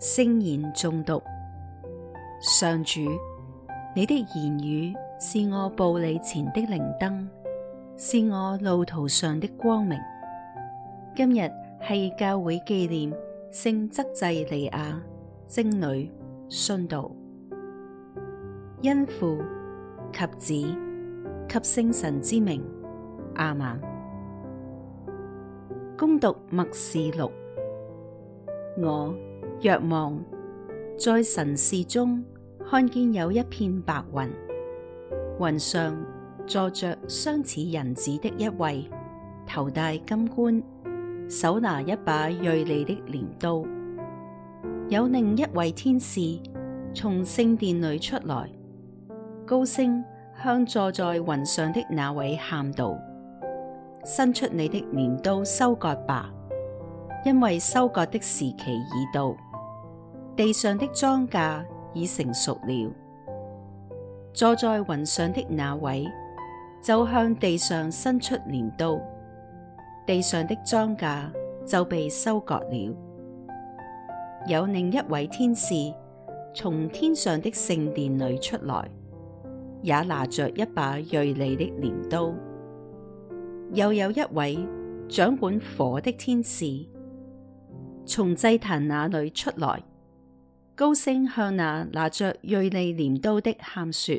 聖言誦讀。上主，你的言語是我步履前的靈燈，是我路途上的光明。今日係教會紀念聖則濟利亞貞女殉道，因父及子及聖神之名，阿們。恭讀默示錄，我。若望在神視中看見有一片白雲，雲上坐着相似人子的一位，頭戴金冠，手拿一把銳利的鐮刀。有另一位天使從聖殿裏出來，高聲向坐在雲上的那位喊道：伸出你的鐮刀收割吧，因為收割的時期已到。地上的莊稼已成熟了，坐在雲上的那位就向地上伸出鐮刀，地上的莊稼就被收割了。有另一位天使從天上的聖殿裏出來，也拿着一把銳利的鐮刀。又有一位掌管火的天使從祭壇那裏出來。高聲向那拿着銳利鐮刀的喊說：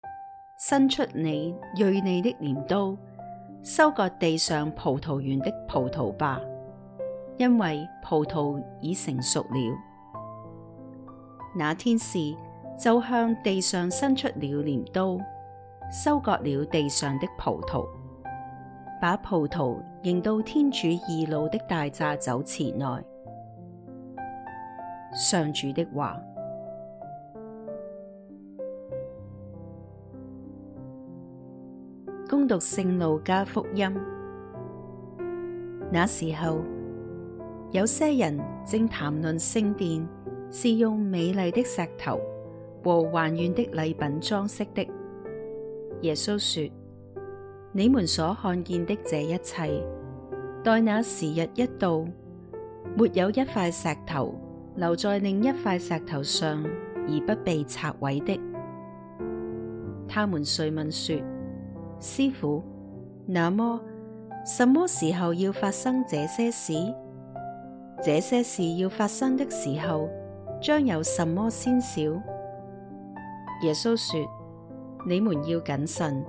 「伸出你銳利的鐮刀，收割地上葡萄園的葡萄吧，因為葡萄已成熟了。那天使就向地上伸出了鐮刀，收割了地上的葡萄，把葡萄扔到天主義怒的大榨酒池內。上主的話，恭讀《聖路加福音》。那時候，有些人正談論聖殿是用美麗的石頭和還願的禮品裝飾的。耶穌說：你們所看見的這一切，待那時日一到，沒有一塊石頭，留在另一塊石頭上而不被拆毀的。他們遂問說：師傅，那麼什麼時候要發生這些事？這些事要發生的時候，將有什麼先兆？耶穌說：你們要謹慎，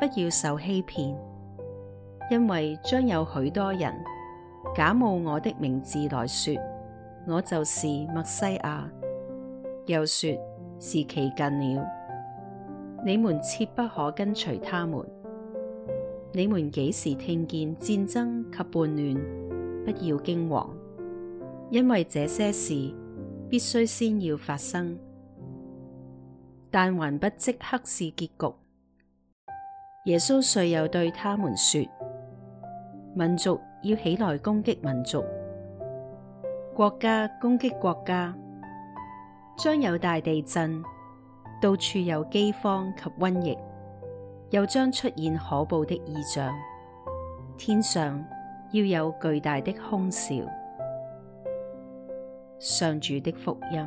不要受欺騙，因為將有許多人假冒我的名字來說。我就是默西亞，又說時期近了。你們切不可跟隨他們。你們幾時聽見戰爭及叛亂，不要驚惶，因為這些事必須先要發生，但還不即刻是結局。耶穌遂又對他們說：民族要起來攻擊民族。國家攻擊國家，將有大地震，到處有饑荒及瘟疫，又將出現可怖的異象，天上要有巨大的凶兆。上主的福音。